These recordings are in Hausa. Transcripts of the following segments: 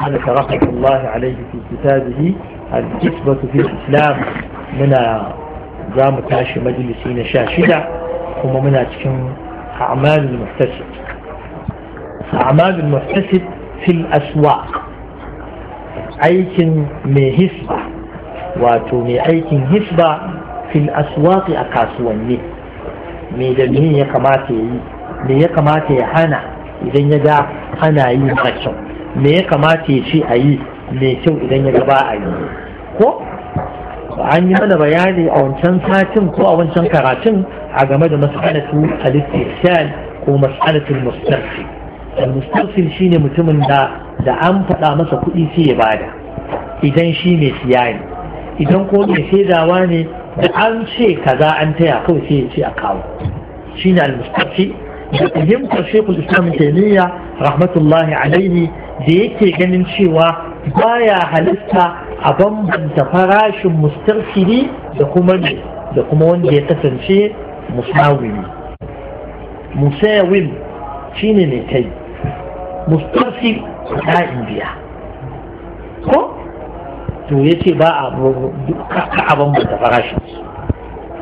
هذا رحمة الله عليه في كتابه الكتبة في الإسلام من جامعة عشر مجلسين شاشدة هم من أتكم أعمال المحتسب أعمال المحتسب في الأسواق أيكن من هسبة واتوني من أيكن هسبة في الأسواق أكاسواني من دمين يقماتي من يقماتي حانا إذن يدع حانا يمكشون me ya kamata ya ce a yi mai kyau idan ya gaba a yi ko an yi mana bayani a wancan satin ko a wancan karatun a game da mas'alatu al-istihsan ko mas'alatu al-mustarsil al-mustarsil shine mutumin da da an faɗa masa kuɗi sai ya bada idan shi mai siya ne idan ko mai saidawa ne da an ce kaza an taya kawai sai ya ce a kawo shine al-mustarsil da fahimtar shekul islam taimiyya rahmatullahi alaihi da yake ganin cewa baya halitta a bambanta farashin mustarsili da kuma da kuma wanda ya kasance musawimi shi ne ne kai mustarsil ta indiya ko to ya ce ba a bambanta farashin su.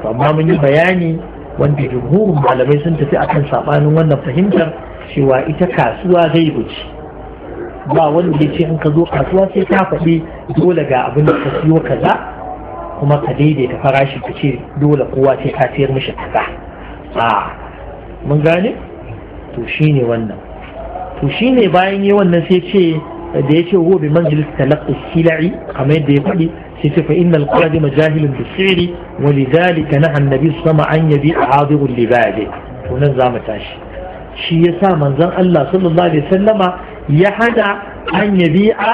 amma mun yi bayani wanda jumhurin malamai sun tafi akan sabanin wannan fahimtar cewa ita kasuwa zai wuce ba wanda ya ce in ka zo kasuwa sai ka faɗi dole ga abin da ka siyo kaza kuma ka daidaita farashi ka ce dole kowa sai ka sayar mishi kaza a mun gane to shine wannan to shine bayan yi wannan sai ce da ya ce huwa bi manzilis talaqqi silai kamar yadda ya faɗi sai ce fa innal qadima jahilun bi siri wa lidhalika naha annabi sama an yabi hadirul libadi to nan za mu tashi shi yasa manzon Allah sallallahu alaihi wasallama ya hana an ya bi'a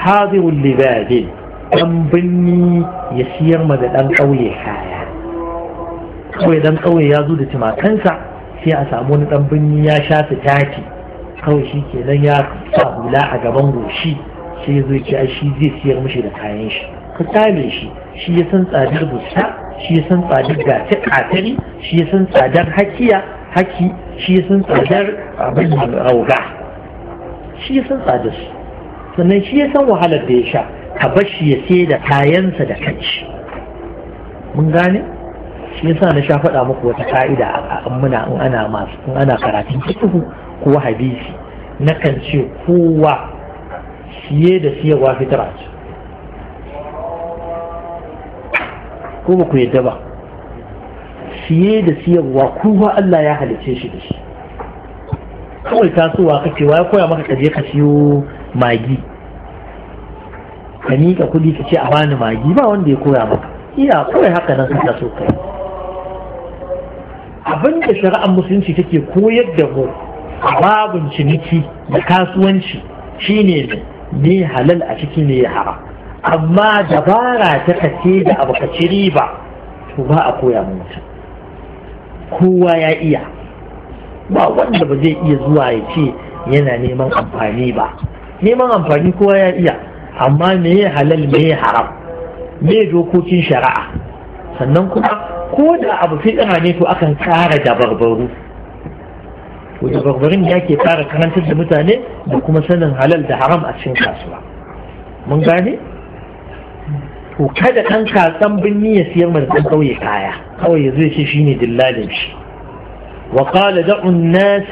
hadirul libadin dan binni ya siyar ma da dan ƙauye kaya kawai ɗan ƙauye ya zo da timakansa sai a samu wani dan binni ya sha su taki kawai shi kenan ya sa hula a gaban goshi sai ya zo ya shi zai siyar mishi da kayan shi ka kame shi shi ya san tsadar busta shi ya san tsadar gata katari shi ya san tsadar hakiya haki shi ya san tsadar abin rauga shi ya san tsadar su sannan shi ya san wahalar da ya sha ka bar shi ya sai da kayansa da kanci mun gane shi sa na sha faɗa muku wata ka'ida a muna in ana masu in ana karatun fiqh ko hadisi na kan ce kowa siye da siyarwa a ce ko ba ku yadda ba siye da siyarwa kowa Allah ya halice shi da shi kawai tasowa kake wa ya koya maka kaje ka siyo magi ka mika kuɗi ka ce a bani magi ba wanda ya koya maka iya kawai haka nan ka so kai abin da shari'ar musulunci take koyar da mu a babin ciniki da kasuwanci shine ne ne halal a ciki ne ya haram amma dabara ta kace da abu ka ci riba to ba a koya mu mutum kowa ya iya ba wanda ba zai iya zuwa ya ce yana neman amfani ba neman amfani kowa ya iya amma me ya halal me ya haram me dokokin shari'a sannan kuma ko da abu fiɗira ne to akan kara dabarbaru to dabarbarin ya ke fara karantar da mutane da kuma sanin halal da haram a cikin kasuwa mun gane ko kada ɗan kasan birni ya siyar da ɗan ƙauye kaya kawai ya zai ce shine dillalin shi وقال دعوا الناس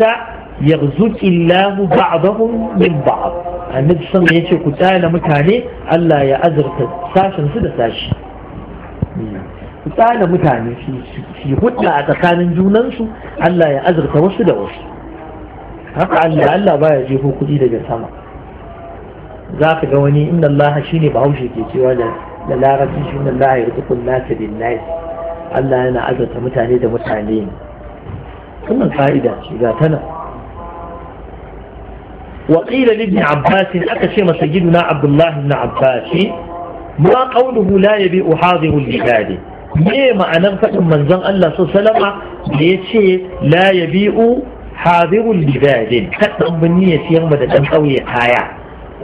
يغزوك الله بعضهم من بعض النبي صلى الله عليه وسلم مكاني ألا يا أزرق ساشا سيدا ساشا قتال مكاني في قتلة أتخان جوننسو لا يا أزرق وسيدا وسيدا حقا ألا ألا بايا جيهو قديدة جسامة ذاك قواني إن الله شيني بعوشي كيتي ولا للا رسيش إن الله يرزق الناس بالناس ألا أنا أزرق متاني دا متانين ثم الفائدة إذا تنى وقيل لابن عباس أكشم سيدنا عبد الله بن عباس ما قوله لا يبيء حاضر لكاده ميما أن أغفق من زن الله صلى الله عليه وسلم شيء لا يبيء حاضر لباد حتى أمني مدى تنقوي حياة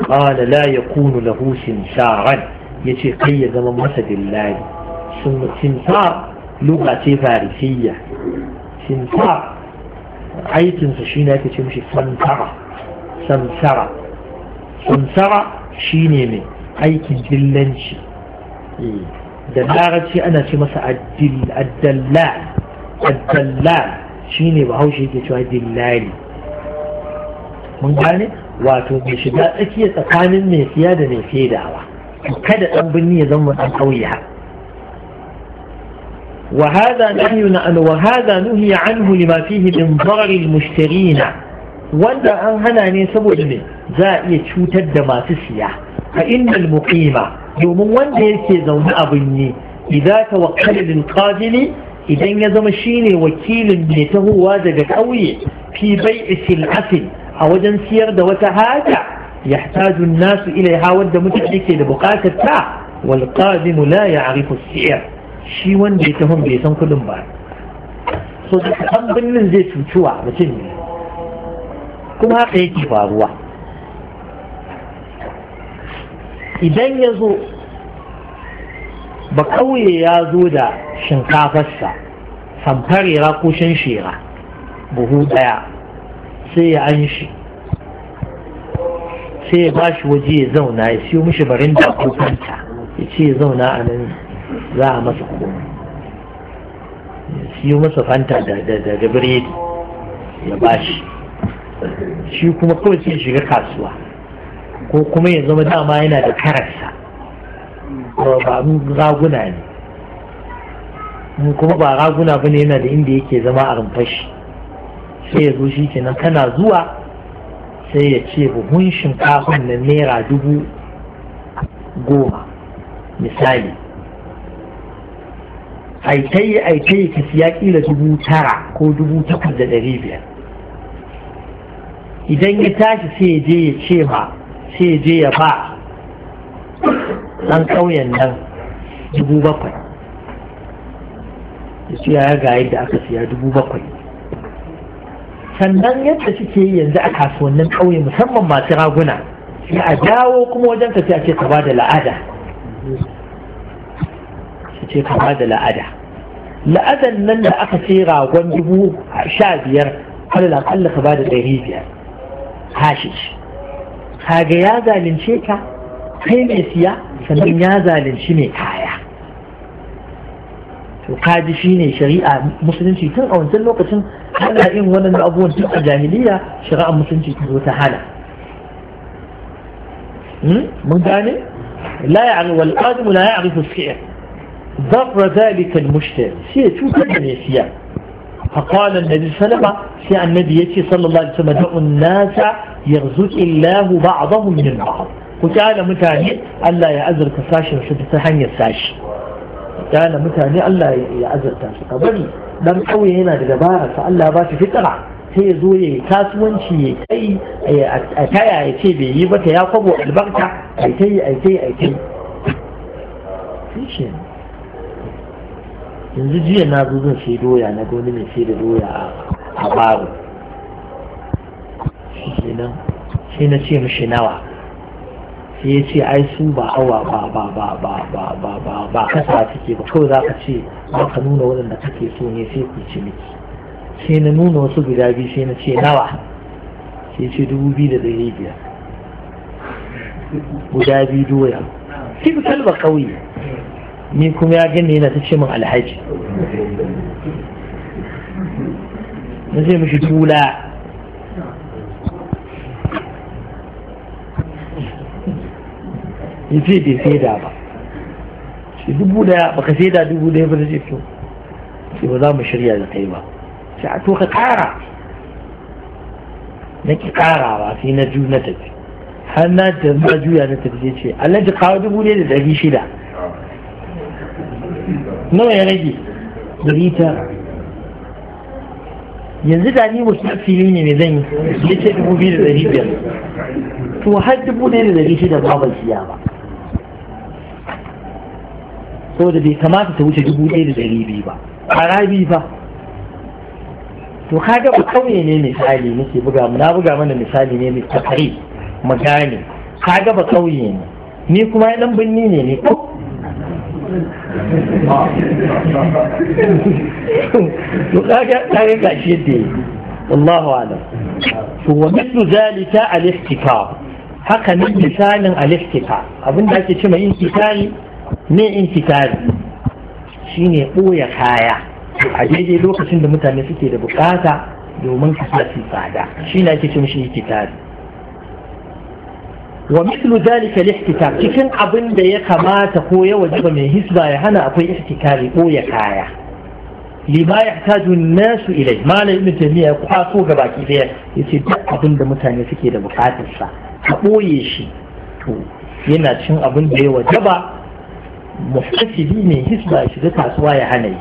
قال لا يكون له سمسارا يتي قي زم مسد الله سنسار لغة فارسية سمسار aikinsa shi ne ake ce mishi samsara samsara samsara shi ne mai aikin dillanci da larabci ana ce masa addallal addallal shi ne bahaushe yake cewa dillali mun gane wato mai shiga tsakiya tsakanin mai siya da mai fedawa kada dan binni ya zama dan kauye haka وهذا نهي وهذا نهي عنه لما فيه من ضرر المشترين wanda an hana ne saboda me za a iya cutar da masu siya a innal muqima domin wanda yake zaune a binne idan ta wakkala lil qadili idan ya zama shine wakilin mai tahowa daga kauye fi bai'i sil'atin a wajen siyar da wata haja yahtaju an-nasu ilaiha wadda mutane ke da bukatar ta wal qadimu la ya'rifu as-si'r shi wanda ya tahon bai san kudin ba so da ɗan birnin zai cutuwa mutum ne kuma haka yake faruwa idan ya zo ba kauye ya zo da shinkafarsa samfarera ko shanshera buhu ɗaya sai ya an shi sai ya ba shi waje ya zauna ya siyo mishi barin da ko kanta ya ce ya zauna a nan za a masa komai siyo masa fanta da biredi ya bashi shi kuma kawai sai shiga kasuwa ko kuma ya zama dama yana da kararsa ba raguna ne kuma ba raguna ba ne yana da inda yake zama a rumfashi sai ya zo shi kenan kana zuwa sai ya ce buhun shinkafa na naira dubu goma misali aitai aitai ka siya kila dubu tara ko dubu takwas da ɗari biyar idan ya tashi sai ya je ya ce ma sai ya je ya ba ɗan ƙauyen nan dubu bakwai ya ce ya ga yadda aka siya dubu bakwai sannan yadda suke yi yanzu a kasuwannin ƙauye musamman masu raguna ya a dawo kuma wajen ka sai a ce ka ba da la'ada sai ka bada la'ada la'adan nan da aka sai ragon dubu sha biyar alal akalla ka bada ɗari biyar hashi kaga ya zalunce ka kai mai siya sannan ya zalunci mai kaya to kaji shine shari'a musulunci tun a wancan lokacin ana yin wannan abubuwan tun a jahiliya shari'a musulunci ta zo ta hana mun gane la ya'rifu al-qadim la ya'rifu al ضر ذلك المشتري سيتو كان يسيا فقال النبي صلى الله عليه وسلم سي النبي صلى الله عليه وسلم دعوا الناس يرزق الله بعضهم من البعض وتعالى متاني ألا يا أزر وشد تحني الساش تعالى متاني ألا يا أزر تساشي قبل لم قوي هنا دقبارة فألا باش فكرة sai ya zo ya yi kasuwanci أي kai a taya ya ce bai yi أي شيء أي شيء albarka a yanzu jiya na zo zan sai doya na gani mai sai da doya a baro sai na ce mashi nawa sai ya ce ai su ba hawa ba ba ba ba ba ba ba ba kasa suke ba kawai za ka ce za ka nuna waɗanda kake so ne sai ku ci miki sai na nuna wasu guda biyu sai na ce nawa sai ya ce dubu biyu da ɗari biyar guda biyu doya sai kalba kauye ni kuma ya gani yana ta ce min alhaji na zai mishi tula ya ce bai sai da ba shi dubu daya baka sai da dubu daya ba da ce to sai ba za mu shirya da kai ba sai a to ka kara na ki kara ba sai na ju na tafi har na da juya na tafi sai ce alhaji kawo dubu daya da dari shida nawa ya rage dari tara yanzu da ni wasu fili ne mai zan yi ya ce dubu biyu da dari biyar to har dubu ɗaya da dari shida ba ban siya ba saboda bai kamata ta wuce dubu ɗaya da dari biyu ba harabi ba to kaga ba kauye ne misali nake buga na buga mana misali ne mai takari magani kaga ba kauye ne ni kuma ɗan birni ne ne ko to kaga kaga yi wallahu alam to wa mithlu zalika al-ihtikar haka ne misalin al abinda ake cewa intikari ne intikari shine boye kaya a daidai lokacin da mutane suke da bukata domin su shi shine ake cewa shi intikari ومثل ذلك الاحتكار كيفين عبن دي كما تقوية وجب من هسبا يحنا أقوي احتكار قوية كايا لما يحتاج الناس إليه ما لا يؤمن تهمية قاسو كباكي فيها يسيد عبن دي متاني فكي دي بقات الصا أقوي شي ينا تشن عبن دي وجب محتسبي من هسبا شدة تاسوا يحني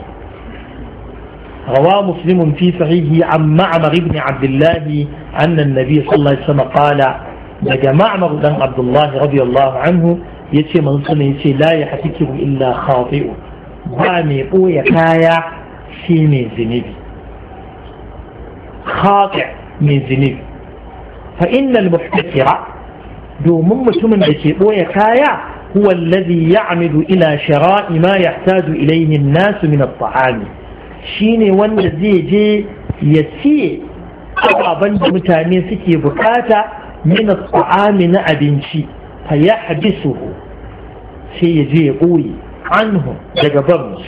روى مسلم في صحيحه عن معمر بن عبد الله أن النبي صلى الله عليه وسلم قال daga ma'amar dan abdullahi radiyallahu anhu ya ce mansuna ya ce la ya hafikiru illa khati'u ba mai kaya shi mai zunubi khati mai fa innal muhtakira domin mutumin da ke ɓoye kaya huwa alladhi ya'midu ila shara'i ma yahtaju ilayhi an-nas min at-ta'am shine wanda zai je ya siye ababen da mutane suke bukata من الطعام نأبن شيء فيحبسه سيجي قوي عنه جقبرنش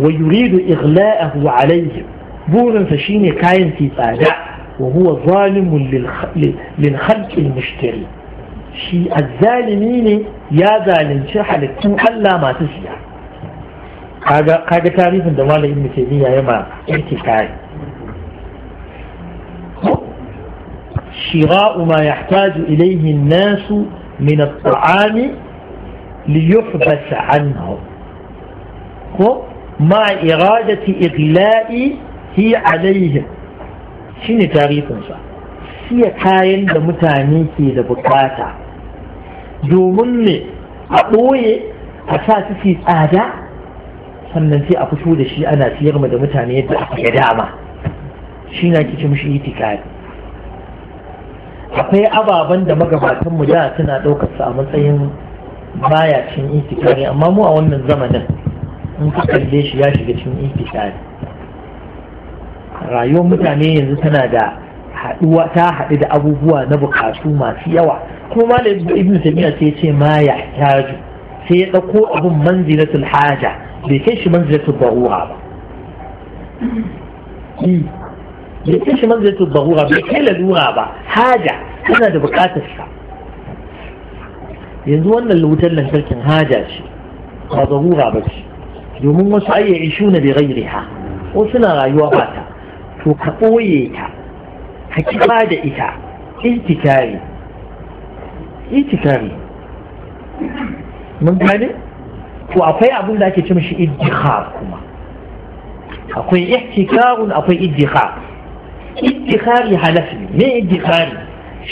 ويريد إغلاءه عليهم بورا فشين كاين في فاجع وهو ظالم للخ... للخلق المشتري شيء الظالمين يا ظالم شي حلقتن حلا ما تسيا هذا تعريف دوالة ابن تيمية يما اعتقاد شراء ما يحتاج إليه الناس من الطعام ليحبس عنهم مع إرادة إغلاء هي عليهم شنو تاريخهم صح؟ هي كاين لمتاني في لبكاتا دو أبوي أساسي في آداء sannan في a fito أنا في ana siyar ma da mutane yadda aka ga dama shi akwai ababen da magabatan mu da suna ɗaukar su a matsayin baya cin itikari amma mu a wannan zamanin in ka kalle shi ya shiga cin itikari rayuwar mutane yanzu tana da haɗuwa ta haɗu da abubuwa na bukatu masu yawa kuma malam ibn tamiya sai ce ma ya haju sai ya ɗauko abin manzilatul haja bai kai shi manzilatul ba'ura ba bai kai shi manzilatu bahura bai kai lalura ba haja tana da bukatar sa yanzu wannan wutar lantarkin haja ce ba zarura ba ce domin wasu ayya ishu na bi ha, wasu na rayuwa ba ta to ka ɓoye ta ka kiba da ita itikari itikari mun gane to akwai abin da ake ce mishi iddikhar kuma akwai ihtikarun akwai iddikhar اتخاري حلف ما اتخاري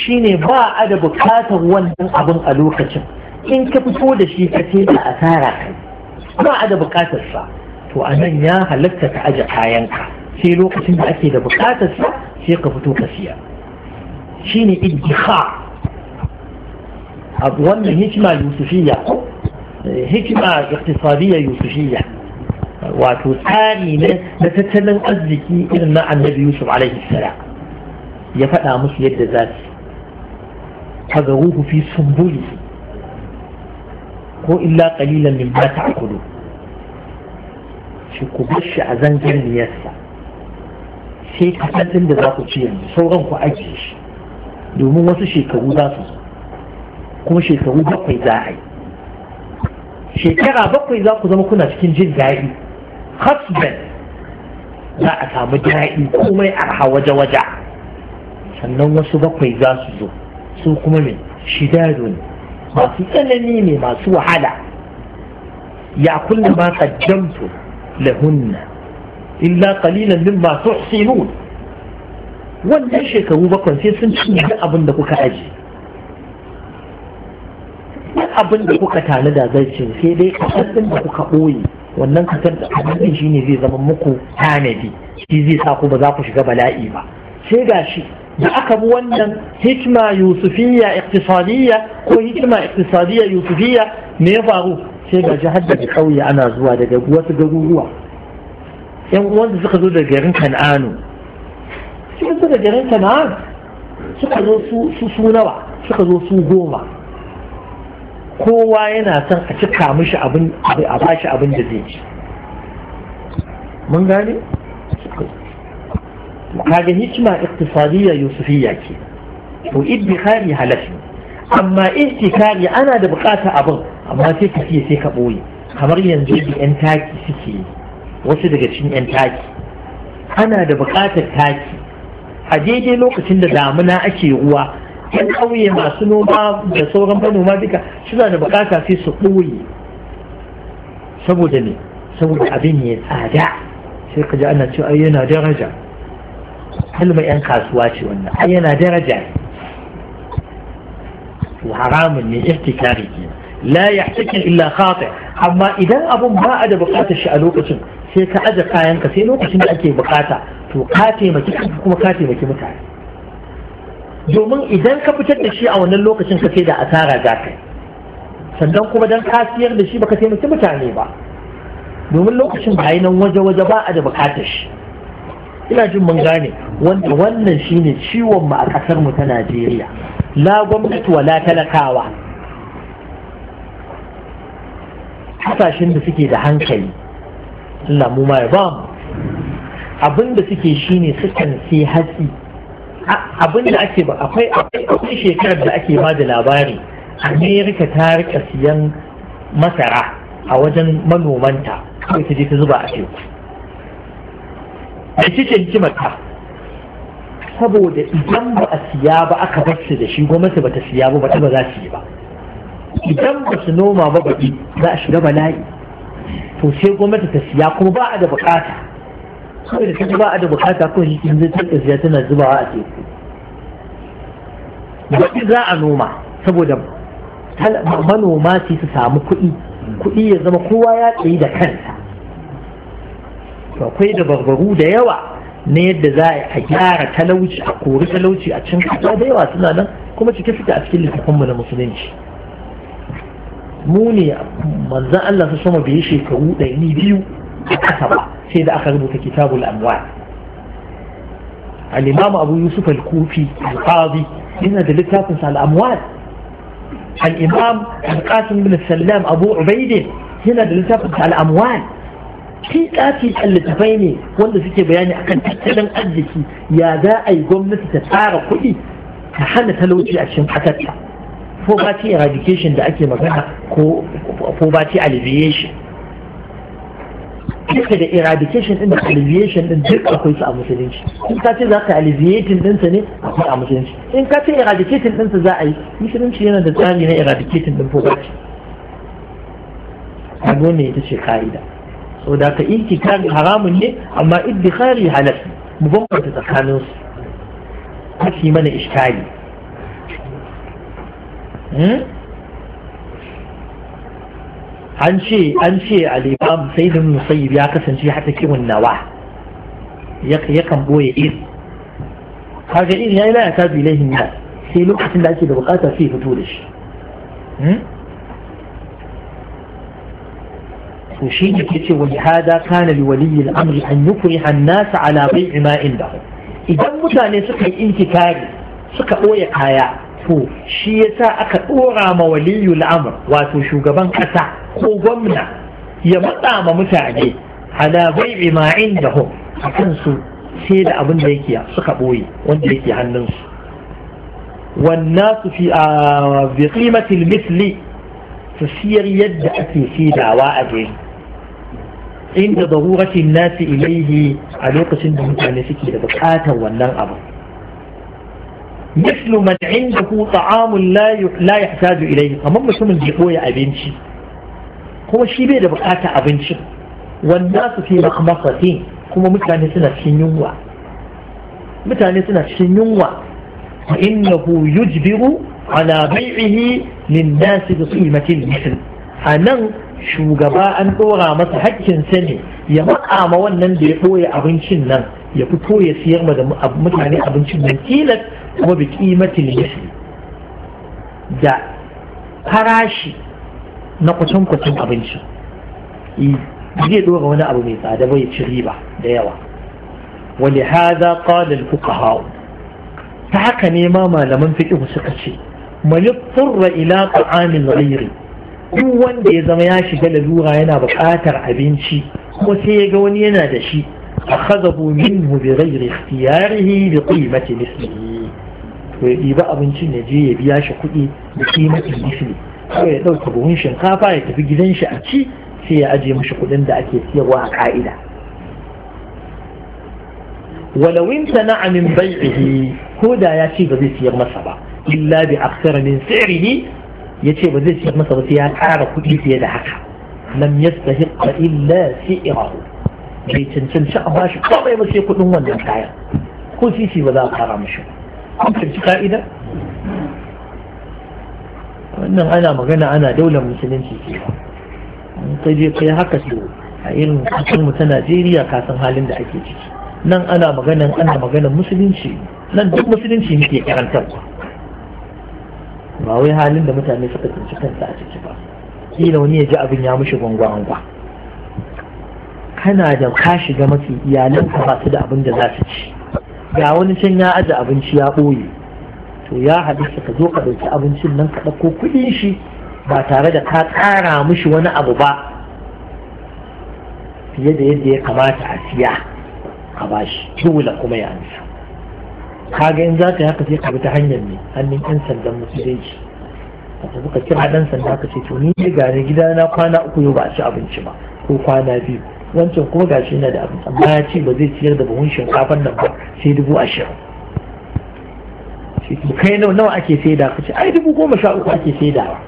شيني با ادب كاتب وان ابن الوقت ان كبتو ده شي كتير اثارا با ادب كاتب صح تو يا حلفت تعج حينك في الوقت اللي اكيد بكاتب صح في قفتو كسيا شيني ادخار أبوان هجمة يوسفية هجمة اقتصادية يوسفية واتو تاني من نتتلن أزيكي إذن ما عن نبي يوسف عليه السلام يفتح مصر يد ذاتي فذروه في سنبوله هو إلا قليلا من ما تعقلوا شكو بشع زنجر ميسا شيء كفلت عند ذاكو تيرني صورا كو أجيش دومو واسو شيء كو ذاتو كو شيء كو بقوي ذاعي شيء كرا بقوي ذاكو زمو كنا شكين جيد ذاعي hasben za a samu daɗi komai arha waje-waje sannan wasu bakwai za su zo su kuma min. shidado ne masu tsanani ne masu wahala ya kulle ma kaddamtu lahunna illa qalilan mimma tuhsinun wannan shekaru bakwai sai sun cinye duk abin da kuka aje duk abin da kuka tanada zai cin sai dai kasar da kuka ɓoye wannan kasar da abin shi ne zai zama muku tanadi shi zai sa ku ba za ku shiga bala'i ba sai ga shi da aka bi wannan hikima yusufiyya iktisadiyya ko hikima iktisadiyya yusufiyya me ya faru sai ga ji da kauye ana zuwa daga wasu garuruwa yan wanda suka zo daga garin kan'anu suka zo daga garin kan'anu suka zo su nawa suka zo su goma kowa yana son a cika mishi abin a bashi abin da zai ci mun gane kaga hikima iktisadiyya yusufiyya ke to idbikari halafi amma ihtikari ana da bukata abin amma sai ka fiye sai ka ɓoye kamar yanzu da yan taki suke wasu daga cikin yan taki ana da bukatar taki a daidai lokacin da damuna ake ruwa yan ƙauye masu noma da sauran manoma duka suna da bukata sai su ɓoye saboda ne saboda abin ya tsada sai ka ji ana cewa ai yana daraja kalmar yan kasuwa ce wannan ai yana daraja to haramun ne ihtikari ke la yahtakin illa khati amma idan abun ba a da bukatar shi a lokacin sai ka aje kayanka sai lokacin da ake bukata to ka taimaki kuma ka taimaki mutane domin idan ka fitar da shi a wannan lokacin ka sai da asara za ka sannan kuma dan kasiyar da shi baka taimaki mutane ba domin lokacin ba nan waje-waje ba a da bukatar shi ina jin mun gane wanda wannan shine ciwon mu a kasar mu ta Najeriya la gwamnati wala talakawa kasashen da suke da hankali Allah mu ma ya ba abin da suke shine sukan sai hatsi abin da ake ba akwai akwai shekarar da ake ba da labari amerika ta rika siyan masara a wajen manomanta kawai ta je ta zuba a teku da cikin kimarta saboda idan ba a siya ba aka bar da shi gwamnati ba ta siya ba ba ba za su yi ba idan ba su noma ba baki za a shiga bala'i to sai gwamnati ta siya kuma ba a da bukata saboda ta ba a da bukata ko shi zai tsarka siya tana zubawa a teku baɗi za a noma saboda manoma ce su samu kuɗi kuɗi ya zama kowa ya tsayi da kansa akwai da barbaru da yawa na yadda za a gyara talauci a kori talauci a cin kasa da yawa suna nan kuma cike suke a cikin mu na musulunci mu ne manzan Allah su sama bai shekaru ɗari biyu أكثر سيد أخذ كتاب الأموال الإمام أبو يوسف الكوفي القاضي هنا دلتاتنس على الأموال الإمام القاسم بن السلام أبو عبيد هنا دلتاتنس على الأموال في ɗaci littafai ne wanda suke bayani akan tattalin arziki ya za a yi gwamnati ta tsara kuɗi ta hana talauci a cikin ƙasarta poverty eradication da ake magana ko poverty alleviation duka da eradication din da alleviation din duk akwai su a musulunci in ka ce za ka alleviating din sa ne akwai a musulunci in ka ce eradicating din sa za a yi musulunci yana da tsari na eradicating din poverty abu ne ita ce ka'ida so da ka intikari haramun ne amma iddikhari halal mu bambanta tsakanin su kafi mana iskali an ce an ce al sai da musayib ya kasance haka kiwon nawa ya kan boye iri kaga iri yayi la ta bi ilaihin ya sai lokacin da ake da bukata sai fito da shi to shi ne ke ce wa hada kana li waliyi al'amri an yukuri hannasa ala bai ima inda idan mutane suka yi intikari suka ɓoye kaya to shi yasa aka ɗora ma waliyu al'amr wato shugaban ƙasa ko gwamna ya matsa ma mutane ala bai'i ma indahum a kansu sai da abin da yake suka wanda yake hannunsu والناس في بقيمة المثل تسير يد أتي في دعوة عند ضرورة الناس إليه على قسم ممكن سكي بقاتا ونن أبو مثل من عنده طعام لا يحتاج إليه أما من بيقوي أبنشي kuma shi bai da bukata abincin wanda su fi makamasatin kuma mutane suna cikin yunwa mutane suna cikin yunwa fa innahu yujbiru ala bai'ihi lin nasi bi qimatil mithl anan shugaba an dora masa hakkin sa ne ya matsa ma wannan da ya boye abincin nan ya fito ya siyar ma da mutane abincin nan tilas kuma bi qimatil mithl da farashi na kucin kucin abinci zai dora wani abu mai tsada bai ci riba da yawa wani haza kalin fuka ta haka ne ma malaman fiƙi suka ce mani furra ila ta'amin ghairi duk wanda ya zama ya shiga lalura yana buƙatar abinci kuma sai ya ga wani yana da shi أخذه منه بغير اختياره بقيمة مثله ويبقى أبنشي نجي يبياش كئي بقيمة مثله kawai ya ɗauka buhun shinkafa ya tafi gidan shi a ci sai ya aje mashi kuɗin da ake siyarwa a ka'ida ولو امتنع من بيعه هدى ياتي بذي سير مسبا إلا بأكثر من سعره ياتي بذي سير مسبا فيها حارة كل في يد حقا لم يستحق إلا سعره bai cancanci a bashi kawai ba sai kuɗin wannan kayan ko sisi ba za a kara mashi kun canci ka'idar wannan ana magana ana daular musulunci ce in je kai haka so a irin kasar mu ta Najeriya ka san halin da ake ciki nan ana magana ana magana musulunci nan duk musulunci muke karantarwa ba wai halin da mutane suka tsinci kansa a ciki ba kila wani ya ji abin ya mushi gwangwa-gwangwa kana da ka shiga mafi iyalanka ba su da abin da za su ci ga wani can ya aje abinci ya ɓoye to ya hadisa ka zo ka ɗauki abincin nan ka ɗauko kuɗin shi ba tare da ka tsara mishi wani abu ba fiye da yadda ya kamata a siya ka bashi dole kuma ya amsa kaga in za ka yi haka sai ka bi ta hanyar ne hannun yan sandan musulunci a tafi ka kira ɗan sanda ka ce to ni ne gane gida na kwana uku yau ba a ci abinci ba ko kwana biyu wancan kuma gashi yana da abinci amma ya ce ba zai ciyar da buhun shinkafan nan ba sai dubu ashirin ce kai nawa nawa ake saida ka ce ai dubu goma sha uku ake saidawa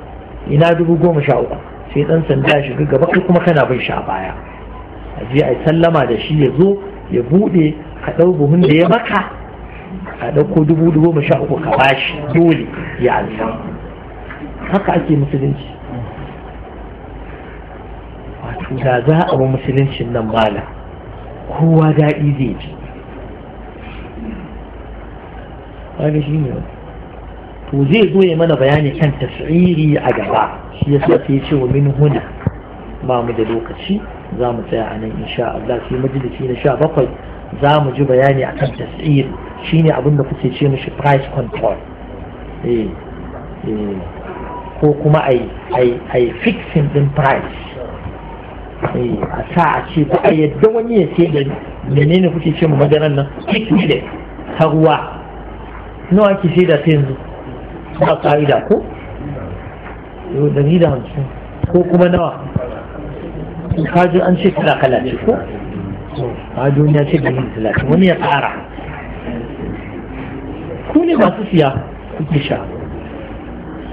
ina dubu goma sha uku sai dan sanda ya shiga gaba kai kuma kana bin shi a baya a je a sallama da shi ya zo ya bude ka dau buhun da ya maka a dauko dubu goma sha uku ka bashi dole ya ansa haka ake musulunci wato da za a musulunci nan mala kowa daɗi zai ji wani shi ne to zai zo ya mana bayani kan tasiri a gaba shi ya sa ya ce wa min huna ba mu da lokaci za mu tsaya a nan insha Allah sai majalisi na sha bakwai za mu ji bayani a kan tasiri shine ne da kuke ce mishi price control eh, eh. ko kuma a yi fixing din price eh, a sa a ce ba a yadda wani ya ce da menene kuke ce mu madaran nan fixing ta ruwa nawa ake da ta yanzu a ka'ida ko ɗari da hamsin ko kuma nawa kaji an ce kala kala ce ko a duniya ce da da talatin wani ya tsara ku ne masu siya kuke sha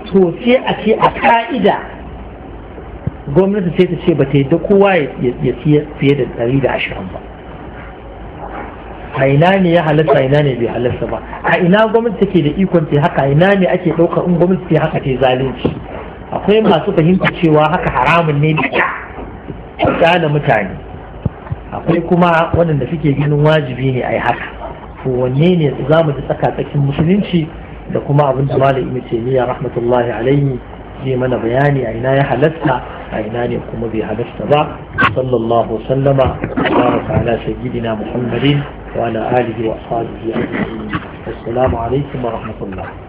to sai a ce a ka'ida gwamnati sai ta ce ba ta yi da kowa ya siya fiye da ɗari da ashirin ba a ina ne ya halatta ina ne bai halasta ba a ina gwamnati take da ikon ta haka ina ne ake ɗaukar in gwamnati ta haka ta zalunci akwai masu fahimta cewa haka haramun ne da mutane akwai kuma waɗanda suke ganin wajibi ne a yi haka to wanne ne za mu ji tsaka tsakin musulunci da kuma abin da malam ce taymiya rahmatullahi alaihi zai mana bayani a ina ya halasta a ina ne kuma bai halasta ba sallallahu sallama baraka ala sayyidina muhammadin وعلى آله وأصحابه أجمعين السلام عليكم ورحمة الله